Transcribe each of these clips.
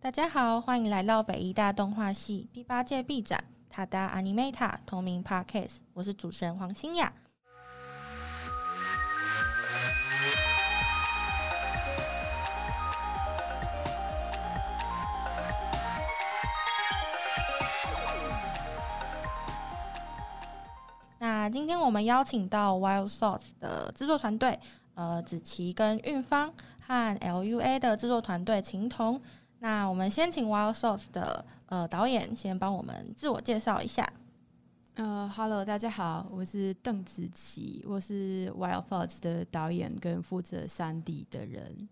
大家好，歡迎來到北藝大動畫系第八屆畢展，塔噠 AniMeta 同名 Podcast，我是主持人黃馨雅 那今天我們邀請到 Wild Thoughts 的製作團隊，呃，子琪跟運芳，和 LUA 的製作團隊秦彤。那我們先請 Wild Thoughts 的呃導演先幫我們自我介紹一下。呃、uh,，Hello，大家好，我是鄧子琪，我是 Wild Thoughts 的導演跟負責三 D 的人。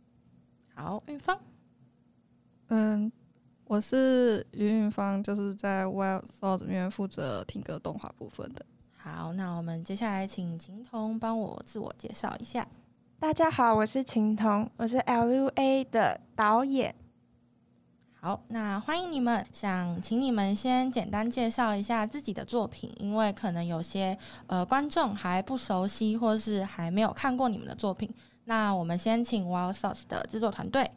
好，韻芳。嗯，我是於韻芳，就是在 Wild Thoughts 裡面負責聽歌動畫部分的。好，那我們接下來請秦彤幫我自我介紹一下。大家好，我是秦彤，我是 L U A 的導演。好，那歡迎你們。想請你們先簡單介紹一下自己的作品，因為可能有些呃觀眾還不熟悉，或是還沒有看過你們的作品。那我們先請 Wild Thoughts 的製作團隊。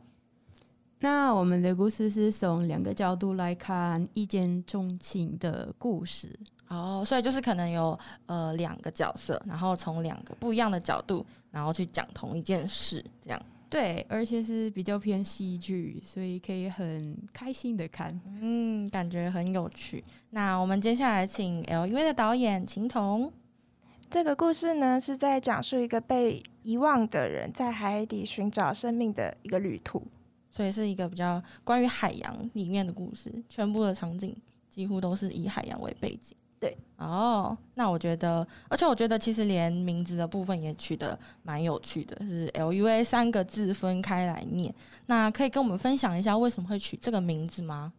那我們的故事是從兩個角度來看一見鍾情的故事。哦，所以就是可能有呃兩個角色，然後從兩個不一樣的角度，然後去講同一件事，這樣。對，而且是比較偏戲劇，所以可以很開心的看，嗯，感覺很有趣。那我們接下來請 L.U.A 的導演秦彤。這個故事呢，是在講述一個被遺忘的人在海底尋找生命的一個旅途，所以是一個比較關於海洋裡面的故事。全部的場景幾乎都是以海洋為背景。對哦，那我覺得，而且我覺得，其實連名字的部分也取得蠻有趣的，是 L U A 三個字分開來念。那可以跟我們分享一下為什麼會取這個名字嗎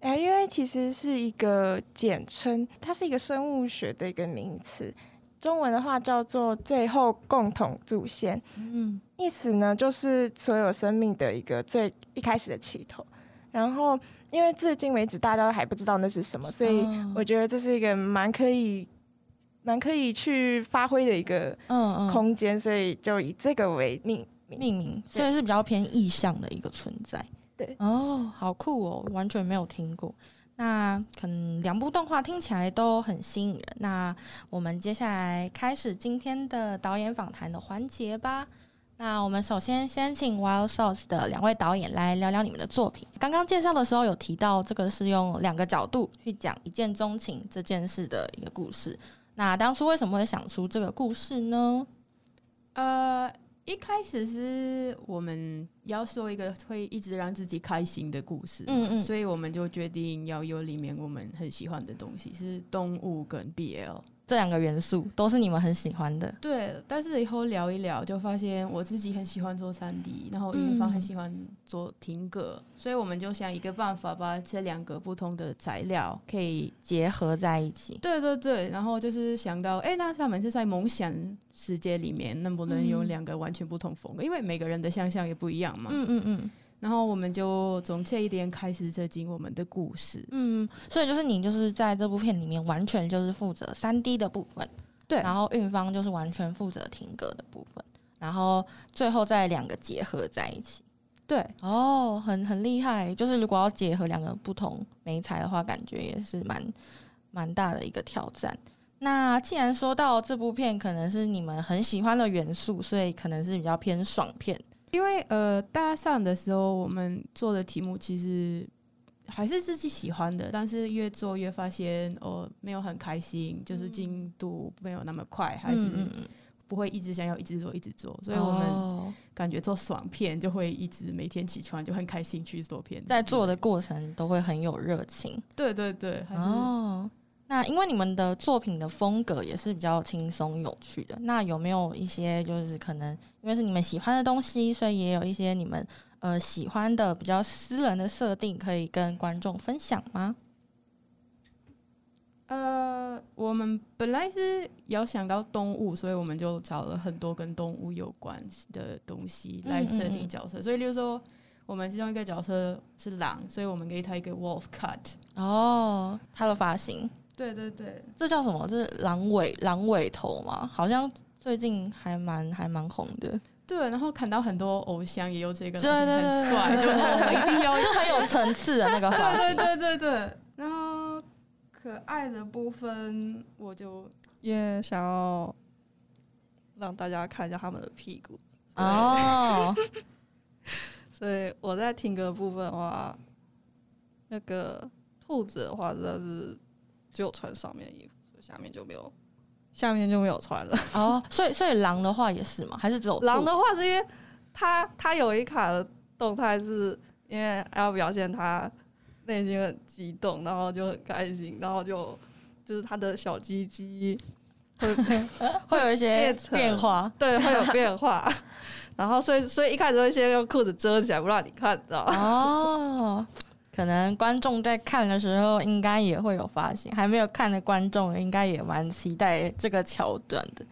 ？L U A 其實是一個簡稱，它是一個生物學的一個名詞，中文的話叫做最後共同祖先。嗯，嗯，意思呢就是所有生命的一個最一開始的起頭，然後。因為至今為止大家都還不知道那是什麼，所以我覺得這是一個蠻可以、蠻可以去發揮的一個嗯空間，所以就以這個為命命名，雖然是比較偏意象的一個存在。對，哦、oh，好酷哦，完全沒有聽過。那可能兩部動畫聽起來都很吸引人。那我們接下來開始今天的導演訪談的環節吧。那我們首先先請 Wild Thoughts 的兩位導演來聊聊你們的作品。剛剛介紹的時候有提到，這個是用兩個角度去講一見鍾情這件事的一個故事。那當初為什麼會想出這個故事呢？呃，一開始是我們要說一個會一直讓自己開心的故事，嗯嗯，所以我們就決定要有裡面我們很喜歡的東西，是動物跟 BL。這兩個元素都是你們很喜歡的，對。但是以後聊一聊，就發現我自己很喜歡做三 D，然後韻芳很喜歡做停格，嗯、所以我們就想一個辦法，把這兩個不同的材料可以結合在一起。對對對，然後就是想到，哎，那他們是在夢想世界裡面，能不能有兩個完全不同風格？嗯，因為每個人的想象也不一樣嘛。嗯嗯嗯。然後我們就從這一點，開始接近我們的故事。嗯，所以就是你就是在這部片裡面完全就是負責三 D 的部分，對。然後韻芳就是完全負責停格的部分，然後最後再兩個結合在一起。對，哦，很很厲害。就是如果要結合兩個不同媒材的話，感覺也是蠻蠻大的一個挑戰。那既然說到這部片，可能是你們很喜歡的元素，所以可能是比較偏爽片。因為呃，大家上的時候我們做的題目其實還是自己喜歡的，但是越做越發現哦，沒有很開心，就是進度沒有那麼快，嗯，還是不會一直想要一直做一直做。所以我們感覺做爽片就會一直每天起床就很開心去做片，在做的過程都會很有熱情。對對對，哦。那因為你們的作品的風格也是比較輕鬆有趣的，那有沒有一些就是可能因為是你們喜歡的東西，所以也有一些你們呃喜歡的比較私人的設定可以跟觀眾分享嗎？呃，我們本來是有想到動物，所以我們就找了很多跟動物有關的東西來設定角色，嗯嗯，所以例如說我們其中一個角色是狼，所以我們給他一個 wolf cut 哦，他的髮型。對對對，這叫什麼？這是狼尾狼尾頭嘛？好像最近還蠻還蠻紅的。對，然後看到很多偶像也有這個，對對對對是很帥，就一定要，很有層次的那個。對對對對對。然後可愛的部分，我就也想要讓大家看一下他們的屁股。哦。 所以我在聽歌的部分的話，那個兔子的話真的是。只有穿上面的衣服，下面就沒有，下面就沒有穿了。哦，所以所以狼的話也是嘛？還是只有狼的話是因為他他有一卡的動態，是因為要表現他內心很激動，然後就很開心，然後就就是他的小雞雞會 會有一些變，變化，對，會有變化。 然後所以所以一開始會先用褲子遮起來不讓你看到。哦。Oh. 可能觀眾在看的時候應該也會有發現，還沒有看的觀眾應該也蠻期待這個橋段的。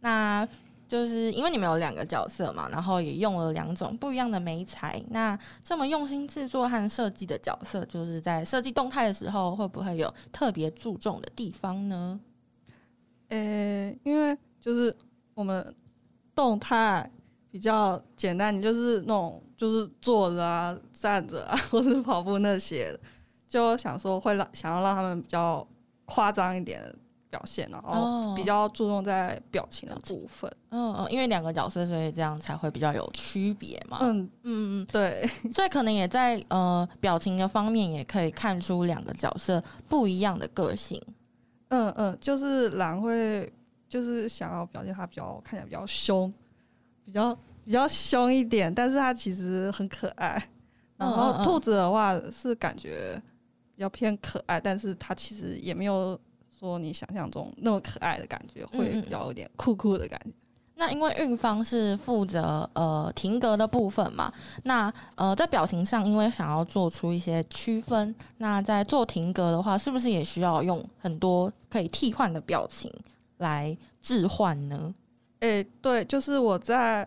那就是因為你們有兩個角色嘛，然後也用了兩種不一樣的媒材。那這麼用心製作和設計的角色，就是在設計動態的時候，會不會有特別注重的地方呢？呃，因為就是我們動態。比較簡單，你就是那種就是坐着啊、站着啊，或是跑步那些，就想說會讓想要讓他們比較誇張一點的表現，然後比較注重在表情的部分。哦、嗯嗯，因為兩個角色，所以這樣才會比較有區別嘛。嗯嗯嗯，對。所以可能也在呃表情的方面也可以看出兩個角色不一樣的個性。嗯嗯，就是狼會就是想要表現他比較看起來比較兇。比較比較凶一點，但是它其實很可愛。然後兔子的話是感覺比較偏可愛，但是它其實也沒有說你想象中那麼可愛的感覺，會比較有點酷酷的感覺。嗯，那因為韻芳是負責呃停格的部分嘛，那呃在表情上，因為想要做出一些區分，那在做停格的話，是不是也需要用很多可以替換的表情來置換呢？對，對，就是我在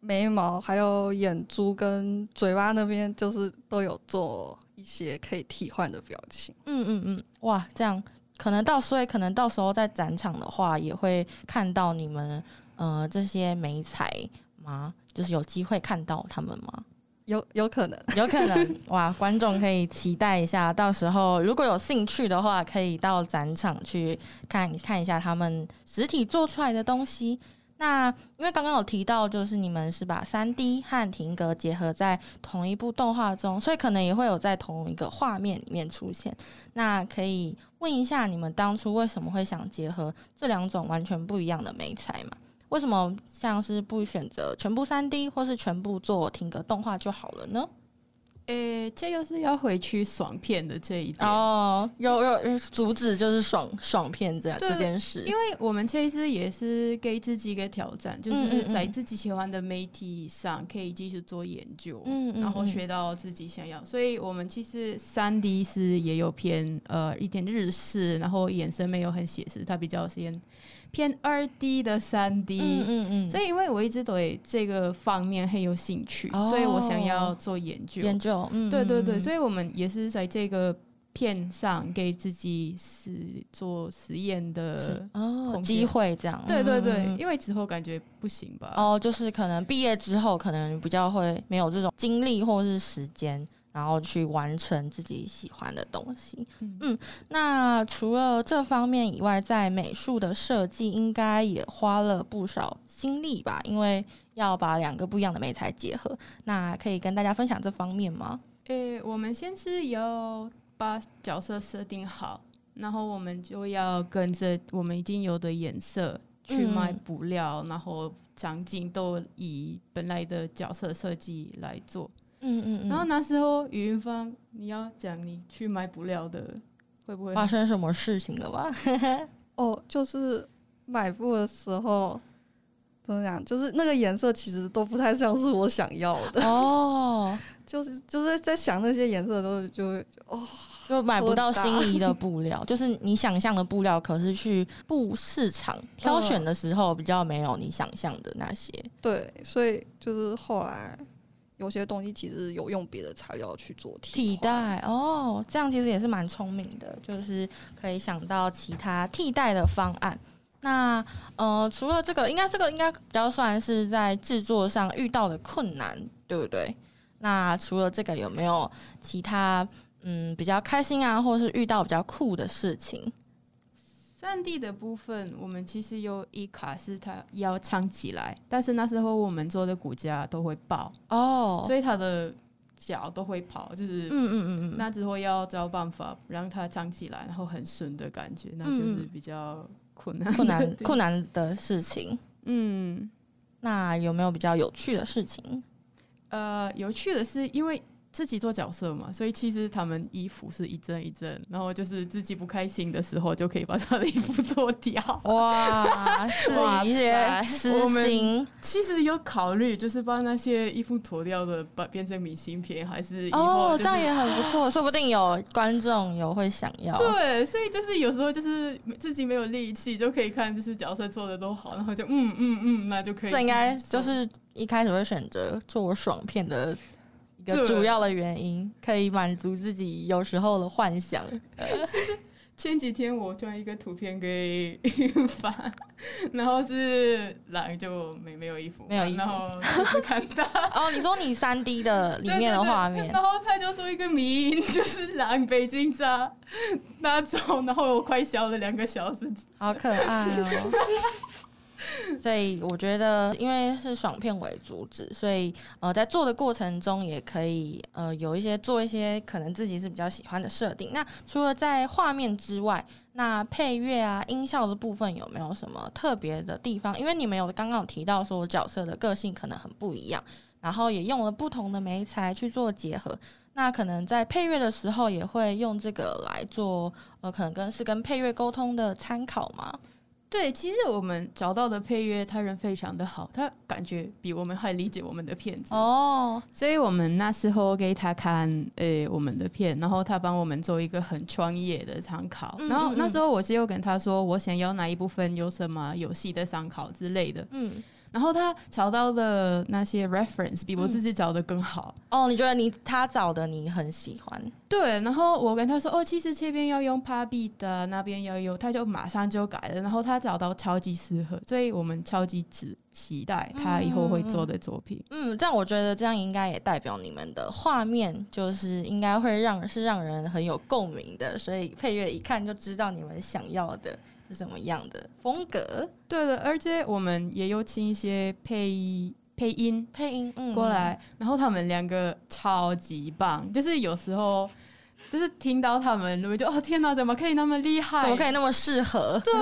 眉毛、還有眼珠跟嘴巴那邊，就是都有做一些可以替換的表情。嗯嗯嗯，哇，這樣可能到，所以可能到時候在展場的話，也會看到你們，呃，這些媒材嗎？就是有機會看到他們嗎？有，有可能， 有可能。哇，觀眾可以期待一下， 到時候如果有興趣的話，可以到展場去看，看一下他們實體做出來的東西。那因為剛剛有提到，就是你們是把三 D 和停格結合在同一部動畫中，所以可能也會有在同一個畫面裡面出現。那可以問一下，你們當初為什麼會想結合這兩種完全不一樣的媒材嘛？為什麼像是不選擇全部三 D，或是全部做停格動畫就好了呢？誒、欸，這又是要回去爽片的這一點哦，要要阻止就是爽爽片這樣、啊、這件事，因為我們這一次也是給自己一個挑戰嗯嗯嗯，就是在自己喜歡的媒體上可以繼續做研究，嗯，嗯，嗯然後學到自己想要，所以我們其實三 D 是也有偏呃一點日式，然後眼神沒有很寫實，它比較先。偏二 D 的三 D，嗯嗯，嗯，所以因為我一直對這個方面很有興趣、哦，所以我想要做研究，研究，嗯，對對對，所以我們也是在這個片上給自己實做實驗的機、哦、會，這樣，對對對、嗯，因為之後感覺不行吧，哦，就是可能畢業之後可能比較會沒有這種精力或是時間。然後去完成自己喜歡的東西嗯。嗯，那除了這方面以外，在美術的設計應該也花了不少心力吧？因為要把兩個不一樣的媒材結合，那可以跟大家分享這方面嗎？誒，我們先是要把角色設定好，然後我們就要跟着我們已經有的顏色去買布料、嗯，然後場景都以本來的角色設計來做。嗯嗯，嗯，然後那時候，韻芳，你要講你去買布料的，會不會發生什麼事情了，嗯嗯嗯，吧？ 哦，就是買布的時候，怎麼講？就是那個顏色其實都不太像是我想要的。哦， 就是就是在想那些顏色都就會哦，就買不到心儀的布料， 就是你想象的布料，可是去布市場、哦、挑選的時候，比較沒有你想象的那些。對，所以就是後來。有些東西其實有用別的材料去做替、替代哦，這樣其實也是蠻聰明的，就是可以想到其他替代的方案。那呃，除了這個，應該這個應該比較算是在制作上遇到的困難，對不對？ 那除了這個，有沒有其他嗯比較開心啊，或是遇到比較酷的事情？3D 的部分，我們其實有一卡是他要唱起來，但是那時候我們做的骨架都會爆哦，oh. 所以他的腳都會跑，就是嗯嗯嗯嗯，那之後要找辦法讓他唱起來，然後很順的感覺，嗯，那就是比較困難困難困難的事情。嗯，那有沒有比較有趣的事情？呃，有趣的是因為自己做角色嘛，所以其實他們衣服是一針一針，然後就是自己不開心的時候就可以把他的衣服脫掉。哇，哇 塞！我們其實有考慮，就是把那些衣服脫掉的，把變成明信片，還是、就是、哦，這樣也很不錯，說不定有觀眾有會想要。對，所以就是有時候就是自己沒有力氣，就可以看就是角色做得多好，然後就嗯嗯嗯，那就可以。這應該就是一開始會選擇做我爽片的。主要的原因可以滿足自己有時候的幻想。前幾天我捐一個圖片給發，然後是狼就沒沒有衣服，沒有衣服，然後就是看到 哦，你說你三 D 的裡面的畫面對對對，然後他就做一個謎，就是狼北京扎那種，然後我快笑了兩個小時，好可愛哦。 所以我覺得，因為是爽片為主旨，所以呃，在做的過程中也可以呃有一些做一些可能自己是比較喜歡的設定。那除了在畫面之外，那配樂啊、音效的部分有沒有什麼特別的地方？因為你們有剛剛有提到說角色的個性可能很不一樣，然後也用了不同的媒材去做結合，那可能在配樂的時候也會用這個來做呃，可能跟是跟配樂溝通的參考嘛。對，其實我們找到的配樂，他人非常的好，他感覺比我們還理解我們的片子哦，oh. 所以我們那時候給他看，誒、呃，我們的片，然後他幫我們做一個很專業的參考、嗯，然後那時候我是又跟他說，我想要哪一部分有什麼遊戲的參考之類的，嗯。嗯然後他找到的那些 reference 比我自己找的更好，嗯、哦。你覺得你他找的你很喜歡？對。然後我跟他說，哦，其實這邊要用 Papi 的那邊要用，他就馬上就改了。然後他找到超級適合，所以我們超級期期待他以後會做的作品，嗯嗯。嗯，但我覺得這樣應該也代表你們的畫面，就是應該會讓是讓人很有共鳴的。所以配樂一看就知道你們想要的。是什麼樣的風格？對的，而且我們也有請一些配配音、配音、嗯、過來、嗯，然後他們兩個超級棒，就是有時候就是聽到他們，就會就哦天哪、啊，怎麼可以那麼厲害？怎麼可以那麼適合？對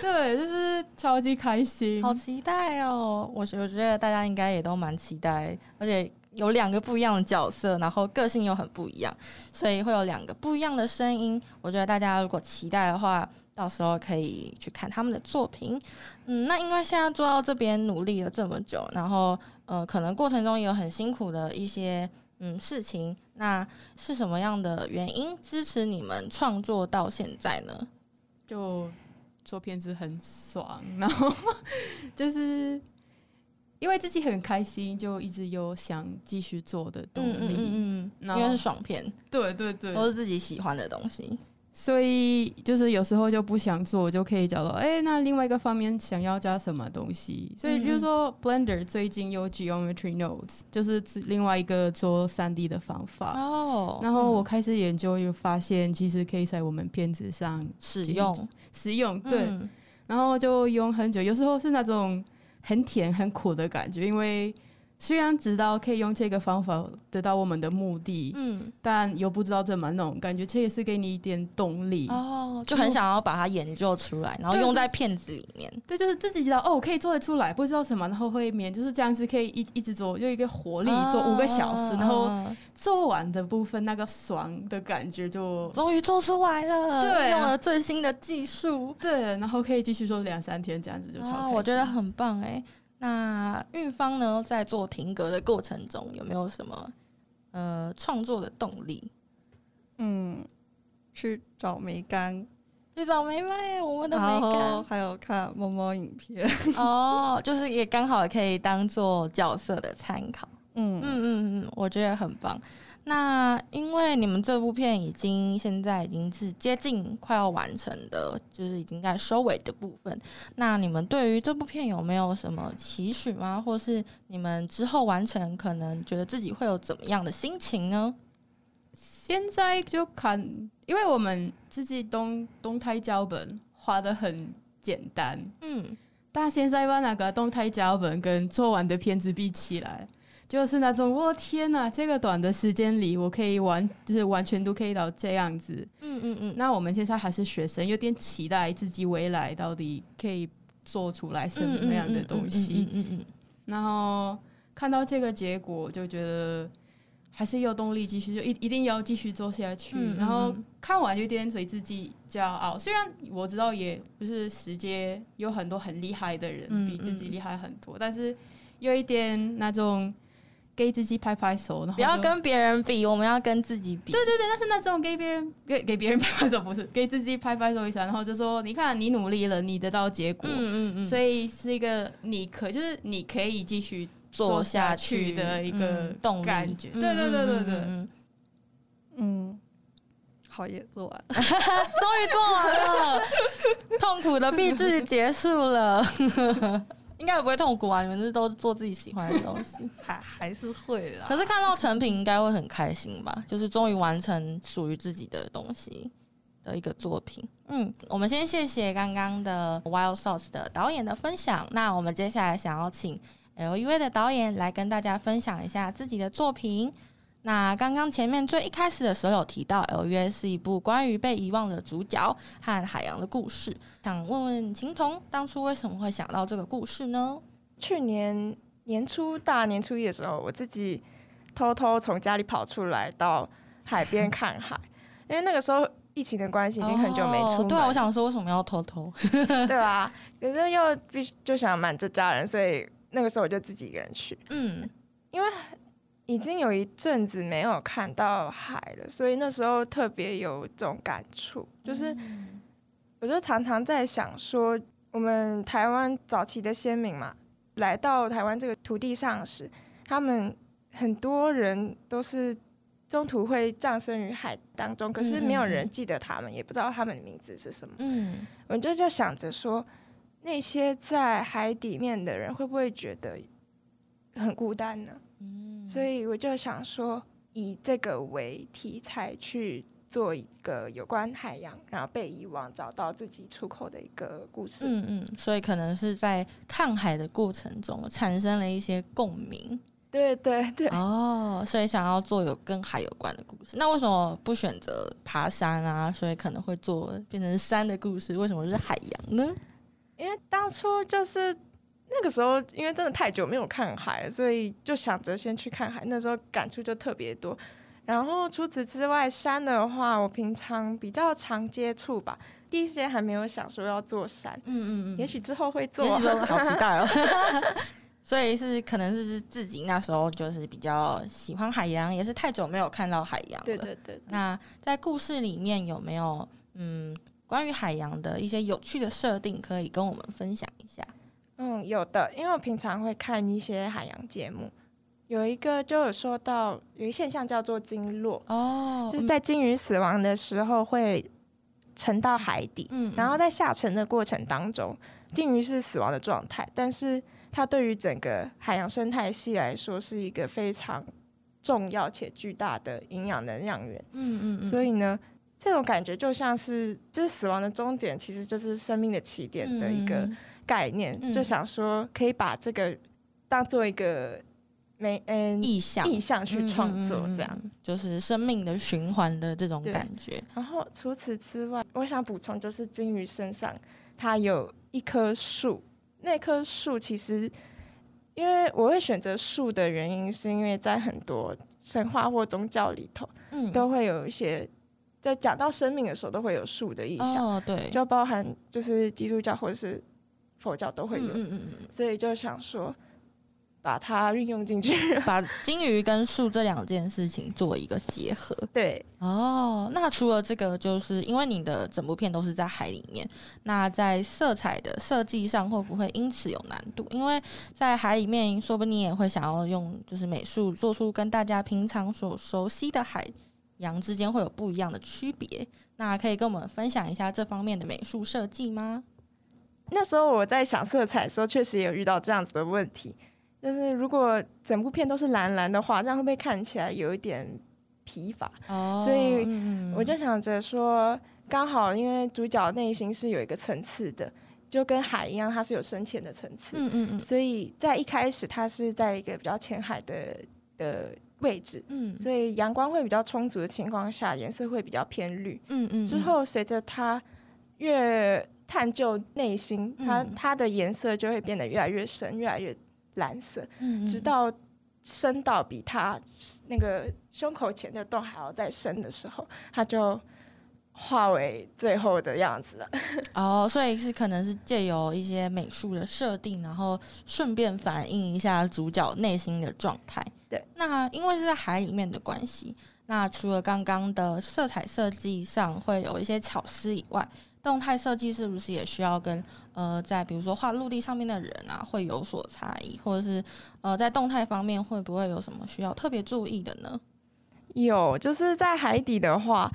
對，就是超級開心， 好期待哦！我我覺得大家應該也都蠻期待，而且有兩個不一樣的角色，然後個性又很不一樣，所以會有兩個不一樣的聲音。我覺得大家如果期待的話。到時候可以去看他們的作品，嗯，那因為現在做到這邊努力了這麼久，然後呃，可能過程中也有很辛苦的一些嗯事情，那是什麼樣的原因支持你們創作到現在呢？就做片子很爽，然後就是因為自己很開心，就一直有想繼續做的動力，嗯，嗯，嗯，嗯，對對對，因為是爽片，對對對，都是自己喜歡的東西。所以就是有時候就不想做，就可以找到誒、欸。那另外一個方面想要加什麼東西，所以比如說 Blender 最近有 Geometry Nodes 就是另外一個做三 D 的方法、哦。然後我開始研究又發現，其實可以在我們片子上使用，使用對、嗯，然後就用很久。有時候是那種很甜很苦的感覺，因為。雖然知道可以用這個方法得到我們的目的，嗯，但又不知道怎麼弄，感覺這也是給你一點動力哦就，就很想要把它研究出來，然後用在片子裡面。對，就對、就是自己知道哦，我可以做得出來，不知道什麼，然後會面就是這樣子，可以一一直做，用一個活力、哦、做五個小時，然後做完的部分那個爽的感覺就終於做出來了，對、啊，用了最新的技術，對，然後可以繼續做兩三天，這樣子就超、哦，我覺得很棒哎、欸。那韻芳呢，在做停格的過程中，有沒有什麼呃創作的動力？嗯，去找梅乾，去找梅梅，我們的梅乾，然後還有看貓貓影片，哦，就是也剛好可以當做角色的參考。嗯嗯嗯嗯，我覺得很棒。那因為你們這部片已經現在已經是接近快要完成的，就是已經在收尾的部分。那你們對於這部片有沒有什麼期許嗎？或是你們之後完成，可能覺得自己會有怎麼樣的心情呢？現在就看，因為我們自己動動態腳本畫的很簡單，嗯，但現在把那個動態腳本跟做完的片子比起來。就是那種，我、喔、天哪！這個短的時間裡，我可以完，就是完全都可以到這樣子。嗯嗯嗯。那我們現在還是學生，有點期待自己未來到底可以做出來什麼樣的東西。嗯嗯,嗯,嗯,嗯,嗯,嗯,嗯然後看到這個結果，就覺得還是有動力繼續，就一一定要繼續做下去、嗯嗯。然後看完就有點對自己驕傲，雖然我知道也不是，世界有很多很厲害的人比自己厲害很多、嗯嗯，但是有一點那種。給自己拍拍手，然後不要跟別人比，我們要跟自己比。對對對，但是那種給別人給給別人拍拍手不是，給自己拍拍手，一下然後就說，你看你努力了，你得到結果，嗯嗯嗯，所以是一個你可就是你可以繼續做下去的一個感覺、嗯嗯、動力。對對對對對，嗯嗯嗯嗯，嗯，好，也做完了，終 於做完了， 痛苦的畢製結束了。 應該也不會痛苦啊！你們這都是做自己喜歡的東西，還、 啊、還是會啦。可是看到成品，應該會很開心吧？Okay. 就是終於完成屬於自己的東西的一個作品。嗯，我們先謝謝剛剛的 Wild Thoughts 的導演的分享。那我們接下來想要請 L.U.A 的導演來跟大家分享一下自己的作品。那剛剛前面最一開始的時候有提到，《L.U.A》是一部關於被遺忘的主角和海洋的故事。想問問秦彤，當初為什麼會想到這個故事呢？去年年初大年初一的時候，我自己偷偷從家裡跑出來到海邊看海， 因為那個時候疫情的關係，已經很久沒出。Oh, 對，啊，我想說為什麼要偷偷？ 對吧？可是又必須就想瞞着家人，所以那個時候我就自己一個人去。 嗯，因為。已經有一陣子沒有看到海了，所以那時候特別有種感觸，就是我就常常在想說，我們台灣早期的先民嘛，來到台灣這個土地上時，他們很多人都是中途會葬身於海當中，可是沒有人記得他們，也不知道他們的名字是什麼。嗯，我就在想着說，那些在海裡面的人會不會覺得很孤單呢？啊？所以我就想說，以這個為題材去做一個有關海洋，然後被遺忘，找到自己出口的一個故事。嗯嗯，所以可能是在看海的過程中產生了一些共鳴。對對對。哦，所以想要做有跟海有關的故事。那為什麼不選擇爬山啊？所以可能會做變成山的故事。為什麼是海洋呢？因為當初就是。那個時候，因為真的太久沒有看海，所以就想着先去看海。那時候感觸就特別多。然後除此之外，山的話，我平常比較常接觸吧。第一時間還沒有想說要做山，嗯嗯嗯，也許之後會做嗯嗯、啊。好期待哦！ 所以是，可能是自己那時候就是比較喜歡海洋，也是太久沒有看到海洋。對對，對對對。那在故事裡面有沒有嗯關於海洋的一些有趣的設定可以跟我們分享一下？嗯，有的，因為我平常會看一些海洋節目，有一個就有說到，有一個現象叫做鯨落哦，就是在鯨魚死亡的時候會沉到海底，嗯，嗯，然後在下沉的過程當中，鯨魚是死亡的狀態，但是它對於整個海洋生態系來說是一個非常重要且巨大的營養能量源，嗯，嗯嗯，所以呢，這種感覺就像是，就是死亡的終點，其實就是生命的起點的一個。概念，嗯、就想說可以把這個當做一個沒嗯、欸、意象，意象去創作，這樣，嗯、就是生命的循環的這種感覺。然後除此之外，我想補充就是，鯨魚身上它有一棵樹，那棵樹其實因為我會選擇樹的原因，是因為在很多神話或宗教裡頭，嗯，都會有一些在講到生命的時候都會有樹的意象，哦，對，就包含就是基督教或者是。佛教都會有嗯嗯嗯嗯，所以就想說把它運用進去，把金魚跟樹這兩件事情做一個結合。對，哦，oh，那除了這個，就是因為你的整部片都是在海裡面，那在色彩的設計上會不會因此有難度？因為在海裡面，說不定你也會想要用就是美術做出跟大家平常所熟悉的海洋之間會有不一樣的區別。那可以跟我們分享一下這方面的美術設計嗎？那時候我在想色彩的時候，確實也有遇到這樣子的問題。但是如果整部片都是藍藍的話，這樣會不會看起來有一點疲乏？哦、oh,，所以我就想着說，剛、嗯、好因為主角內心是有一個層次的，就跟海一樣，它是有深淺的層次。嗯嗯嗯。所以在一開始，它是在一個比較淺海的的位置。嗯。所以陽光會比較充足的情況下，顏色會比較偏綠。嗯嗯,嗯。之後隨着它越探究內心，它它的顏色就會變得越來越深，越來越藍色，直到深到比它那個胸口前的洞還要再深的時候，它就化為最後的樣子了。哦，所以是可能是借由一些美術的設定，然後順便反映一下主角內心的狀態。對，那因為是在海裡面的關係，那除了剛剛的色彩設計上會有一些巧思以外。動態設計是不是也需要跟呃，在比如說畫陸地上面的人啊，會有所差異，或者是呃，在動態方面會不會有什麼需要特別注意的呢？有，就是在海底的話，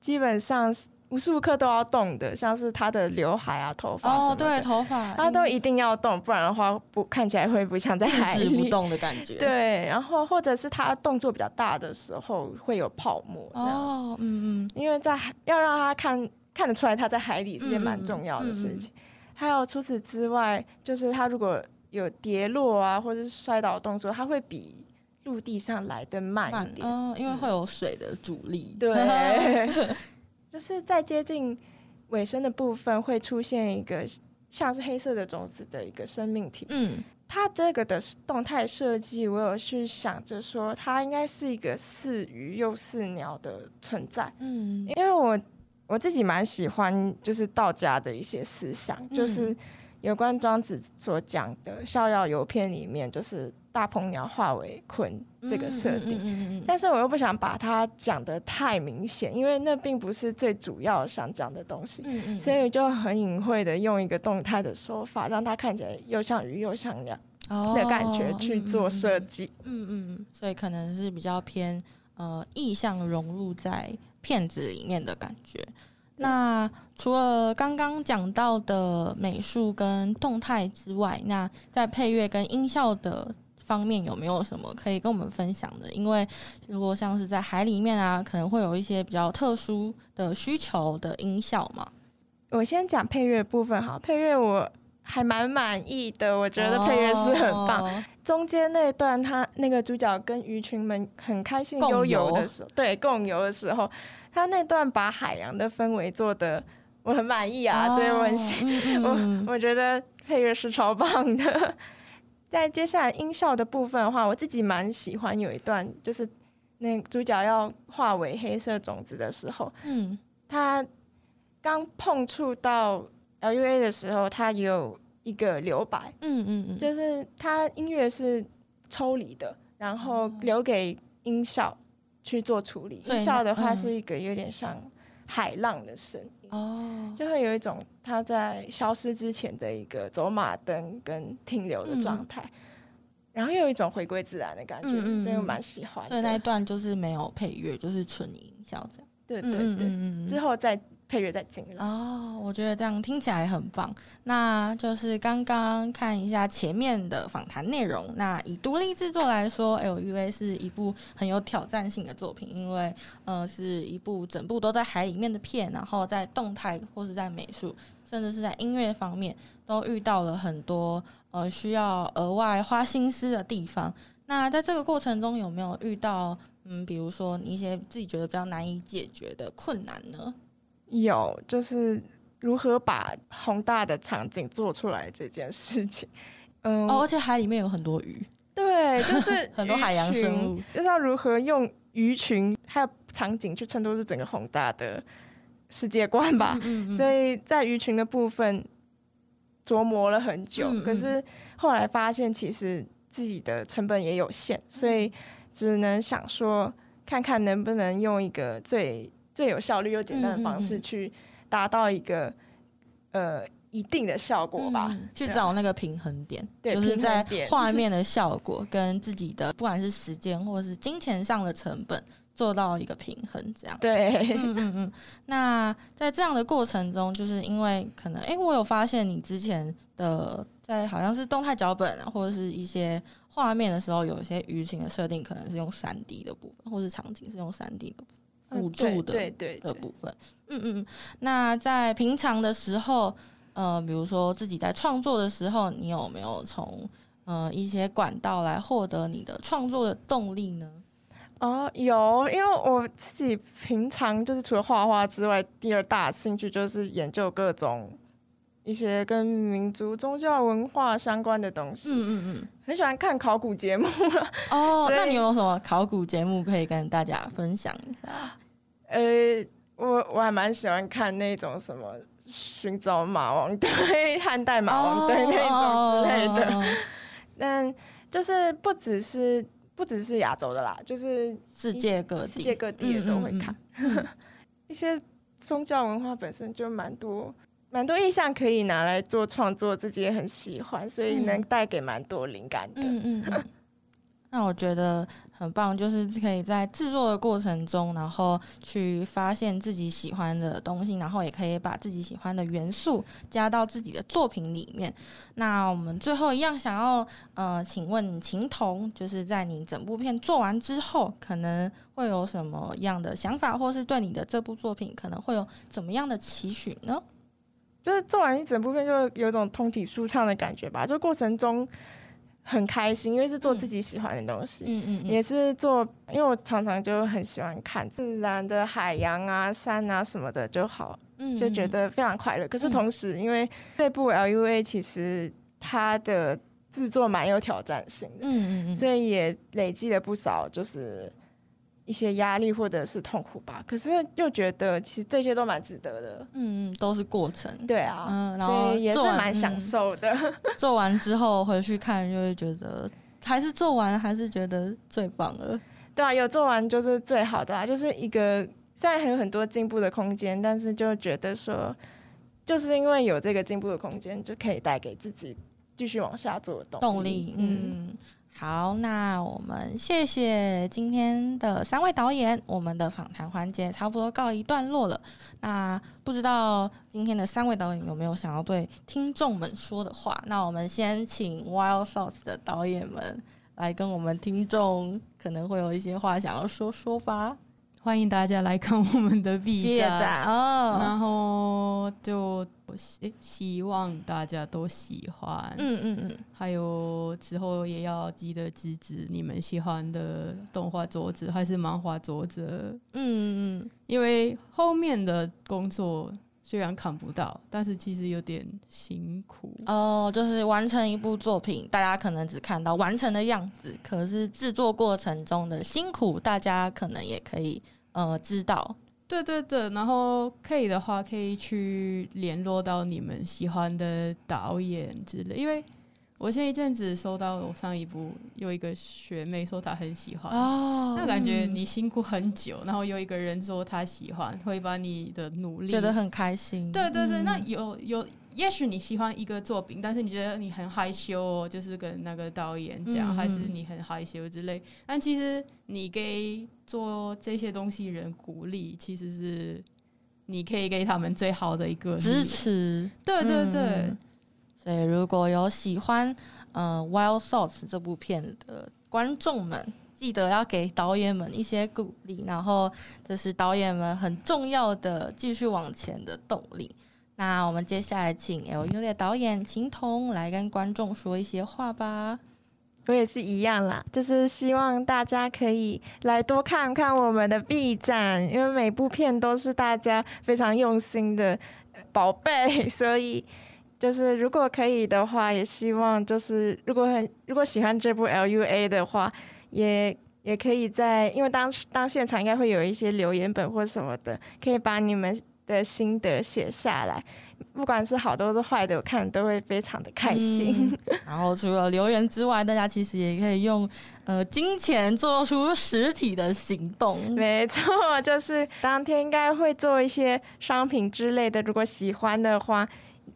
基本上無時無刻都要動的，像是他的劉海啊、頭髮哦，對，頭髮他都一定要動，不然的話不看起來會不像在海裡不動的感覺。對，然後或者是他動作比較大的時候會有泡沫哦，嗯嗯，因為在海要讓他看。看得出來，他在海裡是件蠻重要的事情，嗯嗯嗯嗯。還有除此之外，就是他如果有跌落啊，或者摔倒的動作，他會比陸地上來的慢一點慢、哦嗯，因為會有水的阻力。對， 就是在接近尾聲的部分，會出現一個像是黑色的種子的一個生命體。嗯，它這個的動態設計，我有去想着說，它應該是一個似魚又似鳥的存在。嗯，因為我。我自己蠻喜歡，就是道家的一些思想，嗯、就是有關莊子所講的《逍遙遊》篇裡面，就是大鵬鳥化為鯤這個設定、嗯嗯嗯嗯嗯。但是我又不想把它講的太明顯，因為那並不是最主要想講的東西、嗯嗯，所以就很隱晦的用一個動態的說法，讓它看起來又像魚又像鳥的感覺去做設計、哦。嗯嗯，嗯，嗯，所以可能是比較偏呃意象融入在。片子裡面的感覺。那、嗯、除了剛剛講到的美術跟動態之外，那在配樂跟音效的方面有沒有什麼可以跟我們分享的？因為如果像是在海裡面啊，可能會有一些比較特殊的需求的音效嘛。我先講配樂部分哈，配樂我。還蠻滿意的，我覺得配樂是很棒。哦、中間那段，他那個主角跟魚群們很開心悠游的時候，共遊，對，共游的時候，他那段把海洋的氛圍做得我很滿意啊、哦，所以我很喜、嗯嗯、我我覺得配樂是超棒的。 在接下來音效的部分的話，我自己蠻喜歡有一段，就是那主角要化為黑色種子的時候，嗯，他剛碰觸到。LUA 的時候，它有一個留白，嗯嗯嗯，就是它音樂是抽離的，然後留給音效去做處理。音效的話是一個有點像海浪的聲音，哦、嗯，就會有一種它在消失之前的一個走馬燈跟停留的狀態，嗯嗯，然後又有一種回歸自然的感覺，所以我蠻喜歡的。那一段就是沒有配樂，就是純音效這樣。嗯嗯，對對對，之後再。配樂在進來哦，我覺得這樣聽起來很棒。那就是剛剛看一下前面的訪談內容。那以獨立製作來說，《L.U.A》是一部很有挑戰性的作品，因為呃，是一部整部都在海裡面的片，然後在動態或是在美術，甚至是在音樂方面，都遇到了很多呃需要額外花心思的地方。那在這個過程中，有沒有遇到嗯，比如說你一些自己覺得比較難以解決的困難呢？有，就是如何把宏大的場景做出來這件事情，嗯，哦，而且海裡面有很多魚，對，就是 很多海洋生物，就是要如何用魚群還有場景去襯托出整個宏大的世界觀吧，嗯嗯嗯。所以在魚群的部分琢磨了很久，嗯嗯，可是後來發現其實自己的成本也有限，所以只能想說看看能不能用一個最最有效率又簡單的方式去達到一個嗯嗯嗯呃一定的效果吧、嗯，去找那個平衡點，對，就是在畫面的效果跟自己的不管是時間或是金錢上的成本做到一個平衡，這樣。對，嗯嗯嗯。那在這樣的過程中，就是因為可能，誒、欸，我有發現你之前的在好像是動態腳本、啊、或者是一些畫面的時候，有一些劇情的設定可能是用三 D 的部分，或是場景是用三 D 的部分。輔助的對對的部分，嗯嗯，那在平常的時候，呃，比如說自己在創作的時候，你有沒有從呃一些管道來獲得你的創作的動力呢？哦，有，因為我自己平常就是除了畫畫之外，第二大興趣就是研究各種一些跟民族宗教文化相關的東西。嗯嗯嗯，很喜歡看考古節目了。哦，那你有什麼考古節目可以跟大家分享一下？呃，我我還蠻喜歡看那種什麼尋找馬王堆漢代馬王堆那種之類的，oh. 但就是不只是不只是亞洲的啦，就是世界各地世界各地也都會看。嗯嗯嗯 一些宗教文化本身就蠻多蠻多意象可以拿來做創作，自己也很喜歡，所以能帶給蠻多靈感的。嗯 那我覺得很棒，就是可以在製作的過程中，然後去發現自己喜歡的東西，然後也可以把自己喜歡的元素加到自己的作品裡面。那我們最後一樣想要，呃，請問秦彤，就是在你整部片做完之後，可能會有什麼樣的想法，或是對你的這部作品可能會有怎麼樣的期許呢？就是做完一整部片，就有一種通體舒暢的感覺吧，就過程中。.很開心，因為是做自己喜歡的東西，嗯，也是做，因為我常常就很喜歡看自然的海洋啊、山啊什麼的就好，嗯、就覺得非常快樂，嗯。可是同時，因為這部 L.U.A 其實它的制作蠻有挑戰性的，嗯，所以也累積了不少，就是。一些壓力或者是痛苦吧，可是又覺得其實這些都蠻值得的。嗯，都是過程。對啊，嗯，然後所以也是蠻享受的。嗯。做完之後回去看，就會覺得還是做完還是覺得最棒了。對啊，有做完就是最好的啦。就是一個雖然還有很多進步的空間，但是就覺得說，就是因為有這個進步的空間，就可以帶給自己繼續往下做的動力。動力。嗯。好，那我們謝謝今天的三位導演，我們的訪談環節差不多告一段落了。那不知道今天的三位導演有沒有想要對聽眾們說的話？那我們先請 Wild Thoughts 的導演們來跟我們聽眾，可能會有一些話想要說說吧。歡迎大家來看我們的畢業展哦，然後就希希望大家都喜歡，嗯嗯嗯，還有之後也要記得支持你們喜歡的動畫作者還是漫畫作者，嗯嗯嗯，因為後面的工作。雖然看不到，但是其實有點辛苦哦。Oh, 就是完成一部作品，大家可能只看到完成的樣子，可是製作過程中的辛苦，大家可能也可以呃知道。對對對，然後可以的話，可以去聯絡到你們喜歡的導演之類，因為。我前一陣子收到我上一部，有一個學妹說她很喜歡。哦，那感覺你辛苦很久，嗯、然後有一個人說他喜歡，會把你的努力覺得很開心。對對對，嗯、那有有，也許你喜歡一個作品，但是你覺得你很害羞，哦，就是跟那個導演講，嗯，還是你很害羞之類。但其實你給做這些東西人鼓勵，其實是你可以給他們最好的一個支持。對對對。嗯嗯對，如果有喜歡呃《Wild Thoughts》這部片的觀眾們，記得要給導演們一些鼓勵，然後這是導演們很重要的繼續往前的動力。那我們接下來請《L.U.A》導演秦彤來跟觀眾說一些話吧。我也是一樣啦，就是希望大家可以來多看看我們的 B 站，因為每部片都是大家非常用心的寶貝，所以。就是如果可以的話，也希望就是如果很如果喜歡這部 L.U.A 的話，也也可以在因為當當現場應該會有一些留言本或什麼的，可以把你們的心得寫下來，不管是好的或是壞的，我看都會非常的開心。嗯，然後除了留言之外， 大家其實也可以用呃金錢做出實體的行動。沒錯，就是當天應該會做一些商品之類的，如果喜歡的話。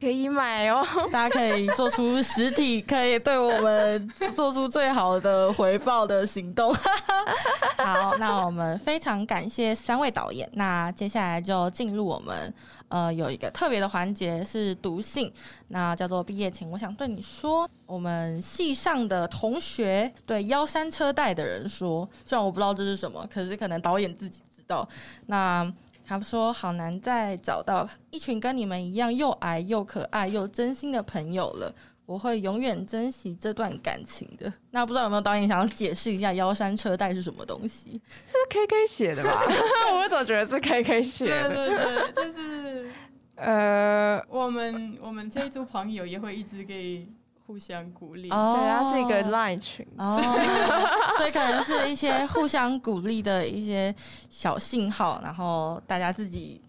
可以買哦，大家可以做出實體， 可以對我們做出最好的回報的行動。 好，那我們非常感謝三位導演。那接下來就進入我們呃，有一個特別的環節是讀信，那叫做畢業前，我想對你說。我們系上的同學對腰山車帶的人說，雖然我不知道這是什麼，可是可能導演自己知道。那他們說好難再找到一群跟你們一樣又矮又可愛又真心的朋友了，我會永遠珍惜這段感情的。那不知道有沒有導演想要解釋一下腰山車帶是什麼東西？這是 K K 寫的吧？ 我總覺得是 K K 寫的。對對對，就是 呃，我們我們這一組朋友也會一直給。互相鼓勵，oh、對，它是一個 LINE 群，oh、 所以可能是一些互相鼓勵的一些小信號， 然後大家自己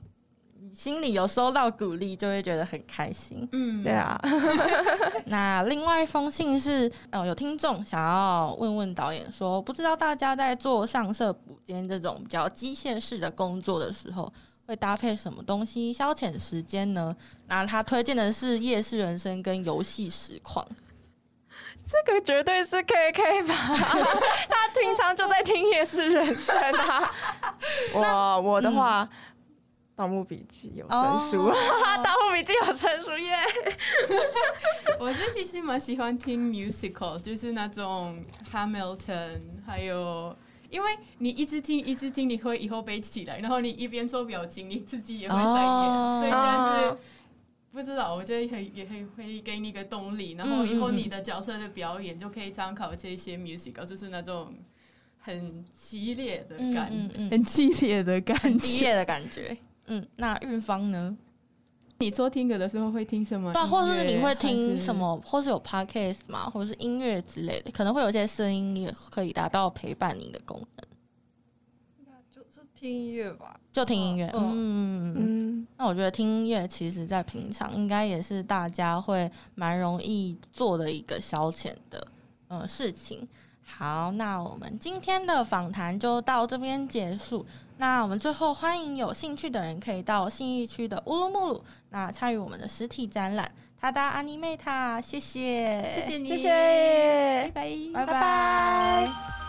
心裡有收到鼓勵，就會覺得很開心。嗯，對啊。 那另外一封信是，哦、呃，有聽眾想要問問導演說，不知道大家在做上色補間這種比較機械式的工作的時候。會搭配什麼東西消遣時間呢？那他推薦的是《夜市人生》跟《遊戲實況》，這個絕對是 KK 吧？ 他平常就在聽《夜市人生》啊。 我我的話，嗯《盜墓筆記》有成熟，Oh.《盜 墓筆記》有成熟耶。Yeah. 我其實蠻喜歡聽 musical，就是那種《Hamilton》，還有。因為你一直聽，一直聽，你會以後背起來，然後你一邊做表情，你自己也會在演，oh, 所以這樣是不知道，oh. 我覺得很、也很會給你一個動力，然後以後你的角色的表演就可以參考這些 music，、mm -hmm. 就是那種很激烈的感覺、mm -hmm. 很激烈的感覺，很激烈的感，激烈的感覺。 嗯，那韻芳呢？你做聽歌的時候會聽什麼？對、啊，或是你會聽什麼，或是有 Podcast 嗎？或者是音樂之類的，可能會有一些聲音，也可以達到陪伴你的功能。那就是聽音樂吧，就聽音樂。啊、嗯嗯嗯。那我覺得聽音樂，其實在平常應該也是大家會蠻容易做的一個消遣的、呃、事情。好，那我們今天的訪談就到這邊結束。那我們最後歡迎有興趣的人可以到信義區的烏魯木魯，那參與我們的實體展覽。塔噠阿尼梅塔，謝謝，謝謝你，謝謝，拜拜，拜拜。拜拜。